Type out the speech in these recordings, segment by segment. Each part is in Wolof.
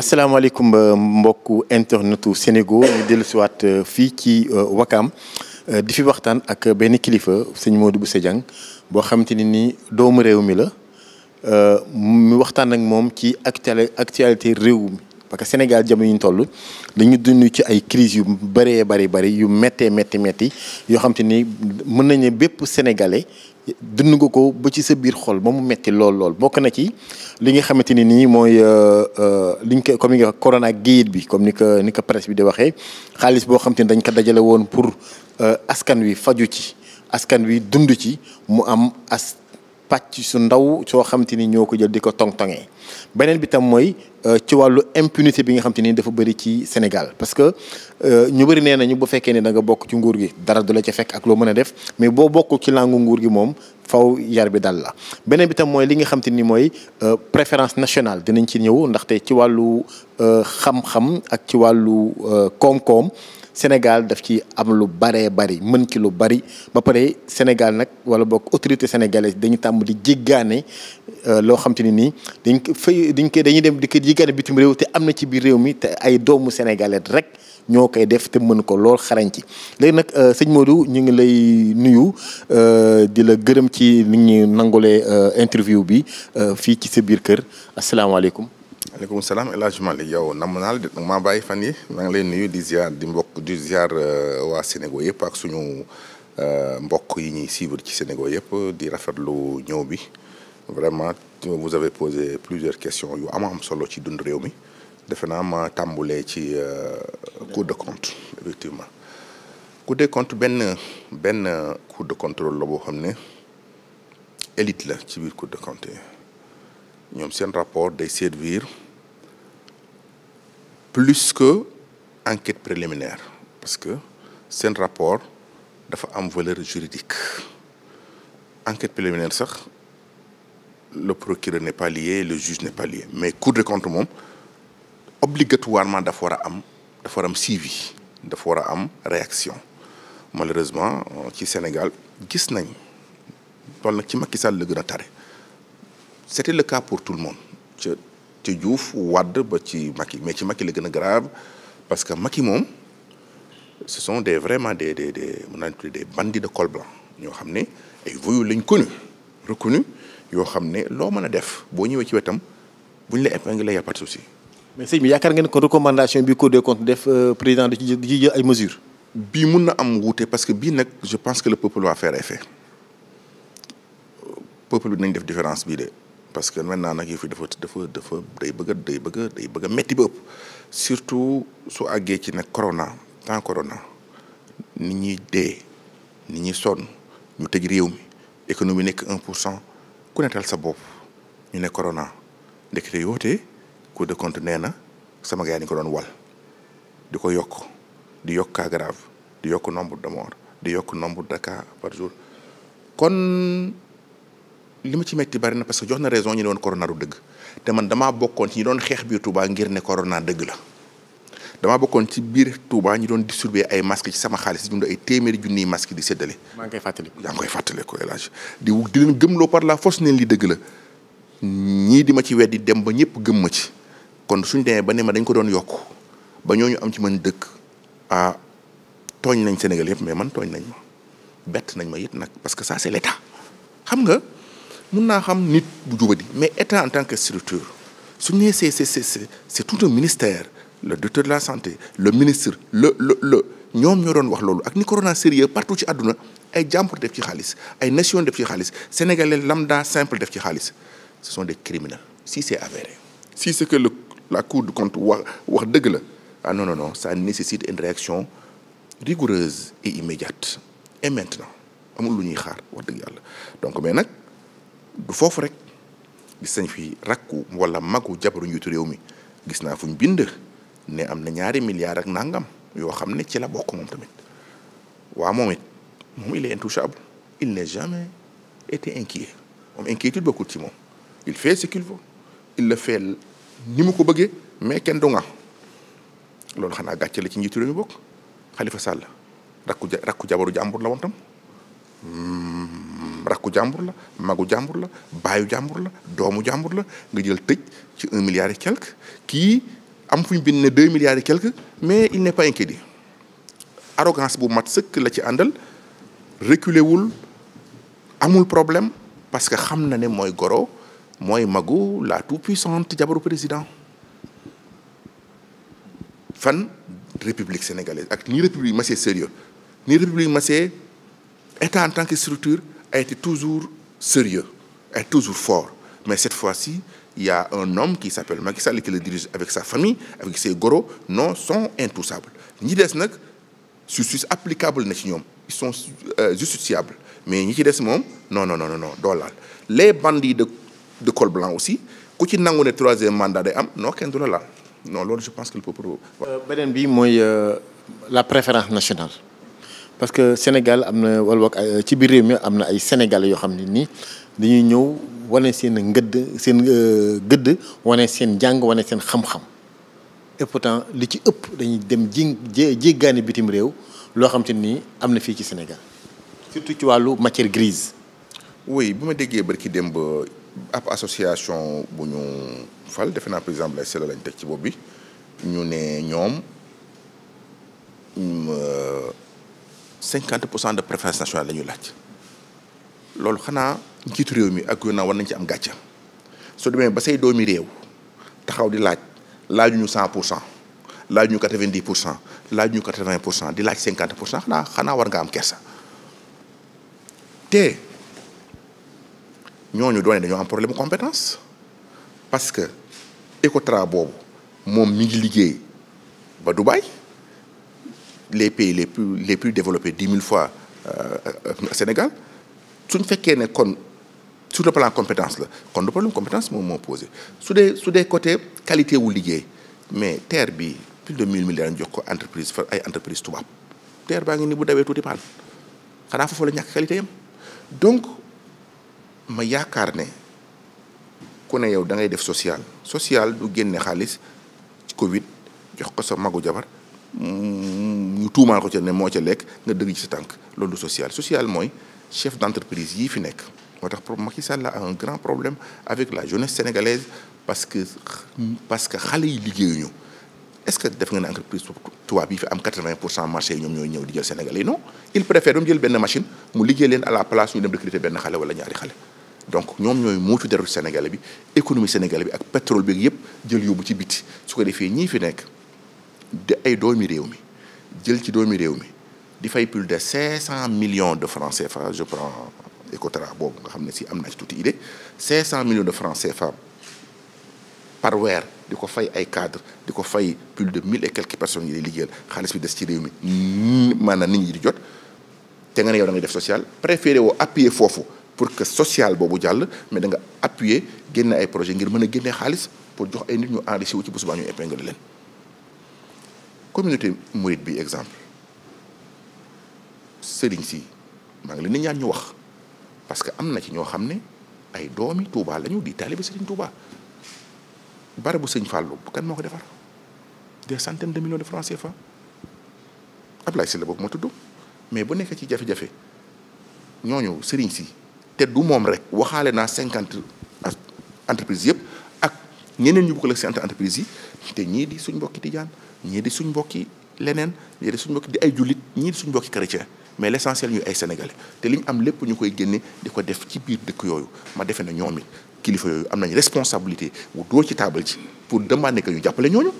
asalaamaaleykum euh, mbokku internetu Sénégal ñu dellusiwaat euh, fii ci euh, Wakaam di fi waxtaan ak benn kilifa sëñ Modou Bousso Dieng boo xamante ni doomu réew mi la mi waxtaan ak moom ci actualité réew mi parce que Sénégal jamono yi ñu toll dañu dund ci ay crises yu bëree bëri bëri yu méttee métti métti yoo xam ni mën nañ bépp sénégalais dund nga ko ba ci sa biir xol ba mu métti lool lool bokk na ci li nga xamante ni nii mooy euh, euh, liñ ko comme ni nga corona géej bi comme ni ko ni ko presse bi di waxee xaalis boo xam ni dañ ko dajale woon pour euh, askan wi faju ci askan wi dund ci mu am as. pàcc su ndaw soo xam ni ñoo ko jël di ko tong-tongee beneen bi tam mooy euh, ci wàllu impunité bi nga xam te ni dafa bëri ci Sénégal parce que euh, ñu bëri nee nañu bu fekkee ne da nga bokk ci nguur gi dara du la ca fekk ak loo mën a def mais boo bokk ci làngu nguur gi moom faw yar bi dal la beneen bi tam mooy li nga xam te mooy euh, préférence nationale dinañ ci ñëw ndaxte ci wàllu xam-xam ak ci wàllu koom-koom Sénégal daf ci am lu baree bari mën ci lu bari ba pare Sénégal nag wala bokk autorité sénégalaise dañu tàmm di jéggaane euh, loo xam te nii dañ ko dañ koy dañuy dem di ko jéggaane bitim réew te am na ci biir réew mi te ay doomu sénégalais rek ñoo koy def te mën ko lool xarañ ci. léegi nag euh, sëñ Modou ñu ngi lay nuyu euh, di la gërëm ci ni ñu nangulee interview bi fii ci sa biir kër asalaamaaleykum. maaleykum salaam El yow namm naa la de maa bàyyi fan yi maa ngi lay nuyu di ziar di mbokk di ziar euh, waa Sénégal yëpp ak suñu euh, mbokk yi ñuy suivre ci Sénégal yëpp di rafetlu ñëw bi vraiment vous avez posé plusieurs questions yu am am solo ci dund réew mi defe naa ma tàmbulee ci euh, Cour des comptes effectivement Cour des comptes benn benn Cour de contrôle la boo xam ne élite la ci biir Cour des comptes ñoom seen rapport day servir plus que enquête préliminaire parce que seen rapport dafa am valeur juridique enquête préliminaire sax le procureur n'est pas lié le juge n'est mais cour des comptes moom obligatoirement dafa war a am dafa war a am suivi dafa war a am réaction malheureusement euh, ci Sénégal gis nañ loolu nag ci Macky Sall la gën a tare c'était le cas pour tout le monde ca ca Diouf Wade ba ci Macky mais ci makki la gën a grave parce que Macky moom ce sont des vraiment des des des mën naa tuddee des de col blanc ñoo xam ne ay voyous lañ connu yoo xam ne loo mën a def boo ñëwee ci wetam buñ la épinglé y mais sëñ bi yaakaar ngeen ko recommandation bi Cour des comptes def euh, président di ci bii mun na am wuute parce que bii nag je pense que le peuple va faire effet nañ def différence bii de. parce que maintenant nag yëf yi dafa dafa dafa day bëgg day bëgg a day bëgg a métti ëpp surtout su àggee ci nag corona temps corona nit ñi dee nit ñi sonn ñu tëj réew mi économie nekk un pour cent ku nettal sa bopp ñu ne corona ndekete yootee Cour des comptes na sama gars yi ñu ko doon wal di ko yokk di yokk cas grave di yokk nombre de morts di yokk nombre de cas par jour kon li ma ci metti bari na parce que jox na raison ñu ne woon corona du dëgg te man damaa bokkoon ci ñi doon xeex biir Touba ngir ne corona dëgg la damaa bokkoon ci biir Touba ñi doon distribuer ay masques ci sama xaalis di dund ay téeméeri junniy masques di séddale. maa ngi koy fàttali. yaa ngi koy fàttali ko El Hadj di di leen gëmloo par la force neen li dëgg la ñii di ma ci weddi dem ba ñëpp gëm ma ci kon suñ demee ba ne ma dañ ko doon yokk ba ñooñu am ci man dëkk ah tooñ nañ Sénégal yëpp mais man tooñ nañ nañ ma it nag parce que ça c'est xam nga. mun naa xam nit bu di mais état en tant que structure su ñu nee c'est c'est c'est tout un ministère le docteur de la santé le ministre le le le ñoom ñoo doon wax loolu ak ni corona sérieux partout ci àdduna ay jàmbur def ci xaalis ay nation def ci xaalis sénégalais lambda simple def ci xaalis ce sont des criminels si c'est avéré si c'est que la cour du compte wax wax dëgg la ah non non non ça nécessite une réaction rigoureuse et immédiate et maintenant amul lu ñuy xaar dëgg yàlla foofu rek gis nañ fi rakku wala magu jabaru njiitu réew mi gis naa fuñ bind ne am na ñaari milliards ak nangam yoo xam ne ci la bokk moom tamit waa moom it moom il est intouchable il n'est moom inquiétude ci moom il fait ce qu'il veut il le fait ni mu ko bëggee mais kenn du nga loolu xanaa gàcce la ci njiitu bokk Khalifa Sall rakku ja rakku jabaru jàmbur la woon tam hmm. rakku jàmbur la magu jàmbur la baayu jàmbur la doomu jàmbur la nga jël tëj ci un milliard et kii am fu ñu bind ne deux milliards et mais il n'est pas inquiété arrogance bu mat sëkk la ci àndal reculé wul amul problème parce que xam na ne mooy goro mooy magu la tout puissante jabaru président fan république sénégalaise ak ni république ma c'est sérieux ni république ma état en tant que structure a été toujours sérieux, est toujours fort. Mais cette fois-ci, il un homme qui s'appelle Macky Sall qui le dirige avec sa famille, avec ses goros, non, sont intouchables. ñi des nag justice applicable na ci ñoom ils sont euh, justiciables mais ñi ci des moom non non non non doo laal les bandits de de col blanc aussi ku ci nangu ne troisième mandat day am non kenn du la laal non loolu je pense qu'il peut. Euh, beneen bi mooy euh, la préférence nationale. parce que Sénégal am na wala boog euh, ci biir réew mi am na ay Sénégalais yoo xam ne nii dañuy ñëw wane seen ngëdd seen euh, gëdd wane seen jàng wane seen xam-xam et pourtant li ci ëpp dañuy dem ji jéggaani bitim réew loo xam te nii am na fii ci Sénégal surtout ci wàllu matière grise. woy bu ma déggee barki démb ab association bu ñu fal defe naa par exemple ay selo lañ teg ci bopp bi ñu ne ñoom. Mm, euh, cinquante pour cent de préférence nationale la ñu laaj loolu xanaa njiitu réew mi ak gouvernement war nañ ci am gàcce soo demee ba say doomi réew taxaw di laaj laajuñu cent pour cent laajuñu quatre vingt dix pour cent laajuñu quatre vingt pour cent di laaj pour cent xanaa xanaa war nga am kersa te ñooñu doone dañoo am problème compétence parce que Ecotra boobu moom mi ngi liggéey ba Dubaï. les pays les plus les plus développés dix mille fois euh, euh, Sénégal suñ fekkee ne kon sur le plan compétence la kon le problème compétence moom moo posé su dee su dee côté qualité wu liggéey mais terre bi plus de mille milliards jox ko entreprise fa ay entreprise tubaab terre baa ngi ni bu dawee tuuti paan xanaa foofu la ñàkk qualité yam donc ma yaakaar ne ku ne yow da ngay def social sociale du génne xaalis Covid jox ko sa magu jabar ñu tuumaa ko ca ne moo ca lekk nga dëgg ci sa tànk loolu social social mooy chef d'entreprise yii fi nekk moo tax Macky Sall a un problème avec la jeunesse sénégalaise parce que parce que xale yi liggéeyuñu est-ce que def nga ne entreprise tubaab yi fi am 80 pour cent marché yi ñoom ñooy ñëw di jël sénégalais non il préfère ba mu jël benn machine mu liggéey leen à la place ñu dem recruter benn xale wala ñaari xale donc ñoom ñooy muucu deru sénégalais bi économie sénégalais bi ak pétrole bi yëpp jël yóbbu ci biti su ko defee ñii fi nekk de ay doomi réew mi jël ci doomi réew mi di fay plus de cinq cent millions de francs CFA je prends Ecotra boobu nga xam ne si am naa ci tuuti idée cinq cent millions de francs CFA par weer di ko fay ay cadre di ko fay plus de mille et quelques personnes yi lay liggéeyal xaalis bi des ci réew mi maanaam nit ñi di jot te nga ne yow da def social préféré woo appuyer foofu pour que social boobu jàll mais da nga appuyer génne ay projet ngir mën a génne xaalis pour jox ay nit ñu enrichi wu ci bés baa leen communauté mouride bi exemple sëriñ si maa ngi leen di ñaan ñu wax parce que am na ci ñoo xam ne ay doomi Touba lañu di taalibe sëriñ Touba barabu sëñ Fallou kan moo ko defar des centaines de millions de francs CFA Ablaye Sylla boobu ma tuddu mais bu nekk ci jafe-jafe ñooñu sëriñ si te du moom rek waxaale naa cinquante entreprise yëpp ak ñeneen ñu bokk la si entreprise yi te ñii di suñ mbokki tijaan ñii di suñ mbokki leneen ñii di suñ mbokki di ay jullit ñii suñ mbokki chrétien mais l'essentiel ñu ay sénégalais te liñ am lépp ñu koy génne di ko def ci biir dëkk yooyu ma defe na ñoom it kilifa yooyu am nañ responsabilité bu doo ci taabal ci pour demander que ñu jàppale ñooñu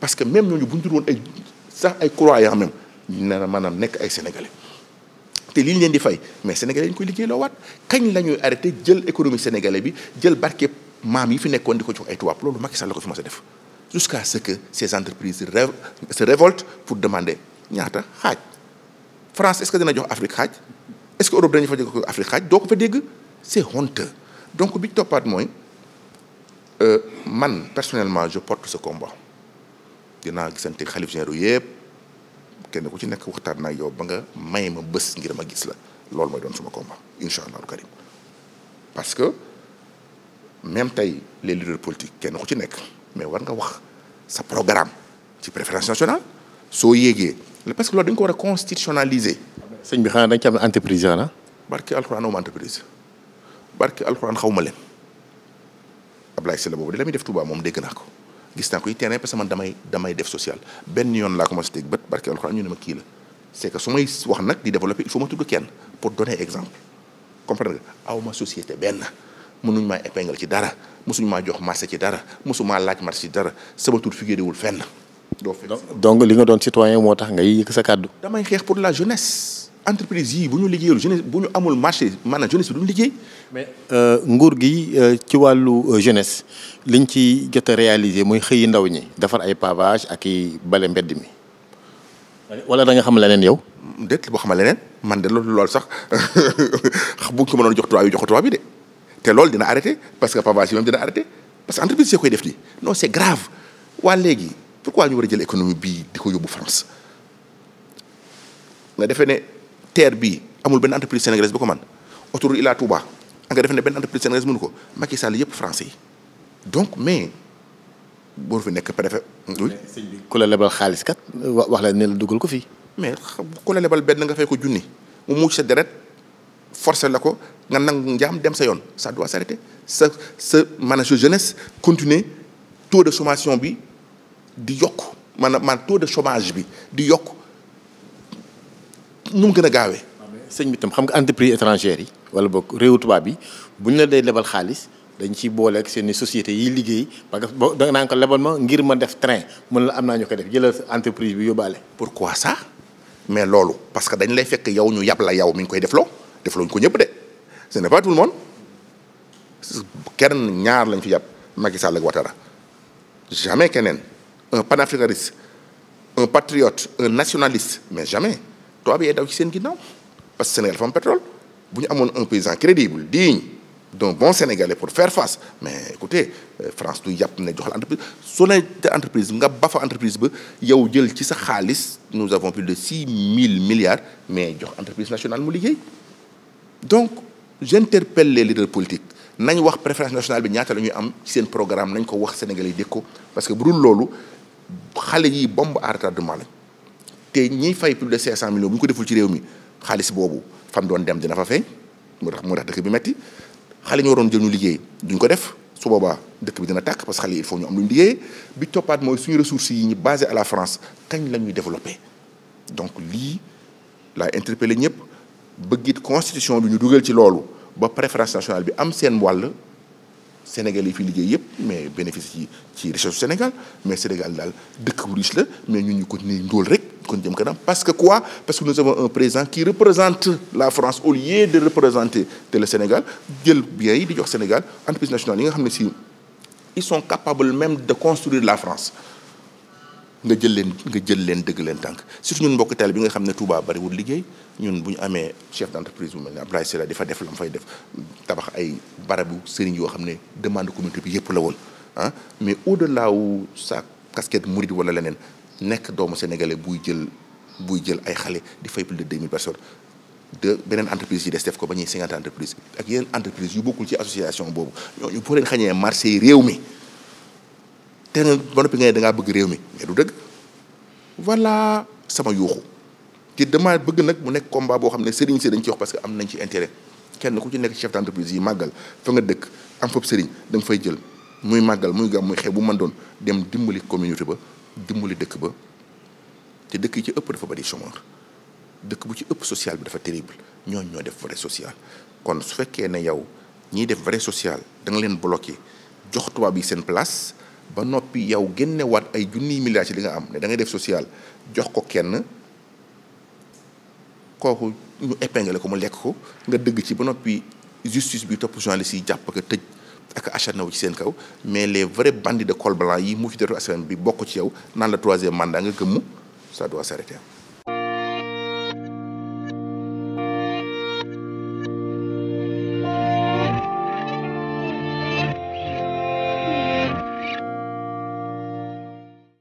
parce que même ñooñu bu ñu woon ay sax ay croyants même na maanaam nekk ay sénégale te li leen di fay mais sénégalais ñu koy liggéey loo waat kañ la ñuy arrêté jël économie sénégalais bi jël barke maam yi fi nekkoon di ko jox ay tubaab loolu Macky la ko fi mas a def jusqu'à ce que ces entreprises se révoltent pour demander ñaata xaaj France est-ce que dina jox Afrique xaaj est-ce que Europe dañu fa jox Afrique xaaj doo ko fa dégg c'est honteux donc bi ñu toppaat mooy euh, man personnellement je porte ce combat dinaa gisante xalif généraux yëpp kenn ku ci nekk waxtaan naa yow ba nga may ma bés ngir ma gis la loolu mooy doon suma combat incha allahu karim parce que même tey les leaders politiques kenn ku ci nekk mais war nga wax sa programme ci préférence nationale soo yéegee parce que loolu dañ ko war a constitutionnaliser. sëñ bi xanaa dañ ci am entreprise ah. barki alxuraan aw ma entreprise barki alxuraan xaw ma leen Ablaye Sylla boobu de la muy def Touba moom dégg naa ko gis naa ko yi terrain parce que man damay damay def social benn yoon laa commencé teg bët barki alxuraan ñu ne ma kii la c'est que su may wax nag di développer il faut ma tudd kenn pour donner exemple comprendre aw ma société benn. mënuñ maa épingle ci dara mosuñ maa jox marché ci dara mosumaa laaj marché ci dara sama tur figuré wul fenn. doo donc li nga doon citoyen moo tax ngay yëkk sa kàddu. damay xeex pour la jeunesse entreprise yii bu ñu liggéeyul jeunesse bu ñu amul marché maanaam jeunesse bi duñ liggéey. mais euh, nguur gi euh, ci wàllu euh, jeunesse liñ ci jot a réaliser mooy xëyi ndaw ñi defar ay pavage ak i bale mbedd mi. wala da xam leneen yow. déet boo xam leneen man de loolu lool sax buñ ko mënoon jox tubaab yi jox ko te loolu dina arrêté parce que pavage yi moom dina arrêté parce que entreprise yi koy def nii non c'est grave waa léegi pourquoi ñu war a jël économie bii di ko yóbbu France nga defee ne terre bi amul benn entreprise sénégalaise bu ko man autoroute Ila Touba ah, nga defee ne benn entreprise sénégalaise munu ko Macky Sall yëpp français yi donc mais boo fi nekk préfet. oui sëñ bi ku la lebal xaalis kat wax la ne la dugal ko fi mais ku la lebal benn nga fee ko junni mu mucc sa deret forcé la ko. nga nangu njaam dem sa yoon ça doit s'arrêter sa sa manager jeunesse continuer taux de sommation bi di yokk maanaam man taux de chômage bi di yokk nu mu gën a gaawee. sëñ bi tam xam nga entreprise étrangère yi wala boog réew tubaab bi bu ñu la dee lebal xaalis dañ ci boole ak seeni société yi liggéey parce que boo da ko lebal ma ngir ma def train mën la am naa ñu ko def jëlal entreprise bi yóbbaale. pourquoi ça mais loolu parce que dañ lay fekk yow ñu yab la yow mi ngi koy defloo defloo ñu ko ñëpp ce n'est pas tout le monde kenn ñaar lañ fi jàpp Macky Sall ak Ouattara jamais keneen un panafricaniste un patriote un nationaliste mais jamais tubaab yee daw ci seen ginnaaw parce que Sénégal dafa pétrole bu ñu amoon un paysan crédible digne d'un bon Sénégalais pour faire face mais écoutez euh, France du yàpp ne joxal entreprise soo ne entreprise nga ba fa entreprise ba yow jël ci sa xaalis nous avons plus de six mille milliards mais jox entreprise nationale mu liggéey j'interpelle les leaders politiques nañ wax préférence nationale bi ñaata la ñuy am seen programme nañ ko wax Sénégalais yi dégg ko parce que bu dul loolu xale yi bombe à retardement lañ te ñiy fay plus de 500 millions bu ko deful ci réew mi xaalis boobu fam doon dem dina fa feeñ moo tax moo tax dëkk bi metti xale ñoo doon jël ñu liggéey duñ ko def su boobaa dëkk bi dina tàkk parce que xale yi il ñu am lu ñu liggéey bi toppaat mooy suñu ressources yi ñu basé à la France kañ la ñuy développé donc lii laa interpellé ñëpp. bëggit constitution bi ñu dugal ci loolu ba préférence nationale bi am seen wàll Sénégal yi fi liggéey yëpp mais bénéfice ci ci richesse Sénégal mais Sénégal daal dëkk bu riche la mais ñun ñu continuer ndóol rek kon jëm kanam parce que quoi parce que nous avons un président qui représente la France au lieu de représenter te Sénégal jël biens yi di jox Sénégal entreprise nationale yi nga xam ne si ils sont capables même de construire la France nga jël leen nga jël leen dëgg leen tànk surtout ñun mbokk taalibe bi nga xam ne Touba bariwul liggéey ñun bu ñu amee chef d'entreprise bu mel ne Abdoulaye Sylla di fa def la lam fay def tabax ay barabu sëriñ yoo xam ne demande communauté bi yëpp la woon ah mais au-delà wu sa casquette mouride wala leneen nekk doomu sénégalais buy jël buy jël ay xale di fay plus de 2000 personnes de beneen entreprise yi des def ko ba ñuy 50 entreprise ak yeneen entreprise yu bokkul ci association boobu ñooñu boo xañee marché réew mi te nga ba noppi nga ne da bëgg réew mi mais du dëgg voilà sama yuuxu te dama bëgg nag mu nekk combat boo xam ne sëriñ si dañ ci wax parce que am nañ ci intérêt kenn ku ci nekk chef d'entreprise yi màggal fa nga dëkk am foofu sëriñ da fay jël muy màggal muy gàmm muy xew bu man doon dem dimbali communauté ba dimbali dëkk ba te dëkk yi ci ëpp dafa bari chômeur dëkk bu ci ëpp social bi dafa terrible ñooñu ñoo def vrai social kon su fekkee ne yow ñiy def vrai social da nga leen bloqué jox tubaab yi seen place ba noppi yow génnewaat ay junni milliards ci li nga am ne dangay def sociale jox ko kenn kooku ñu épinglé ko mu lekk ko nga dëgg ci ba noppi justice bi topp journaliste yi jàpp ko tëj ak achat naw ci seen kaw mais les vrais bandits de col blanc yi mu fi def askan bi bokk ci yow naan la troisième mandat nga gëmm ça doit s'arrêter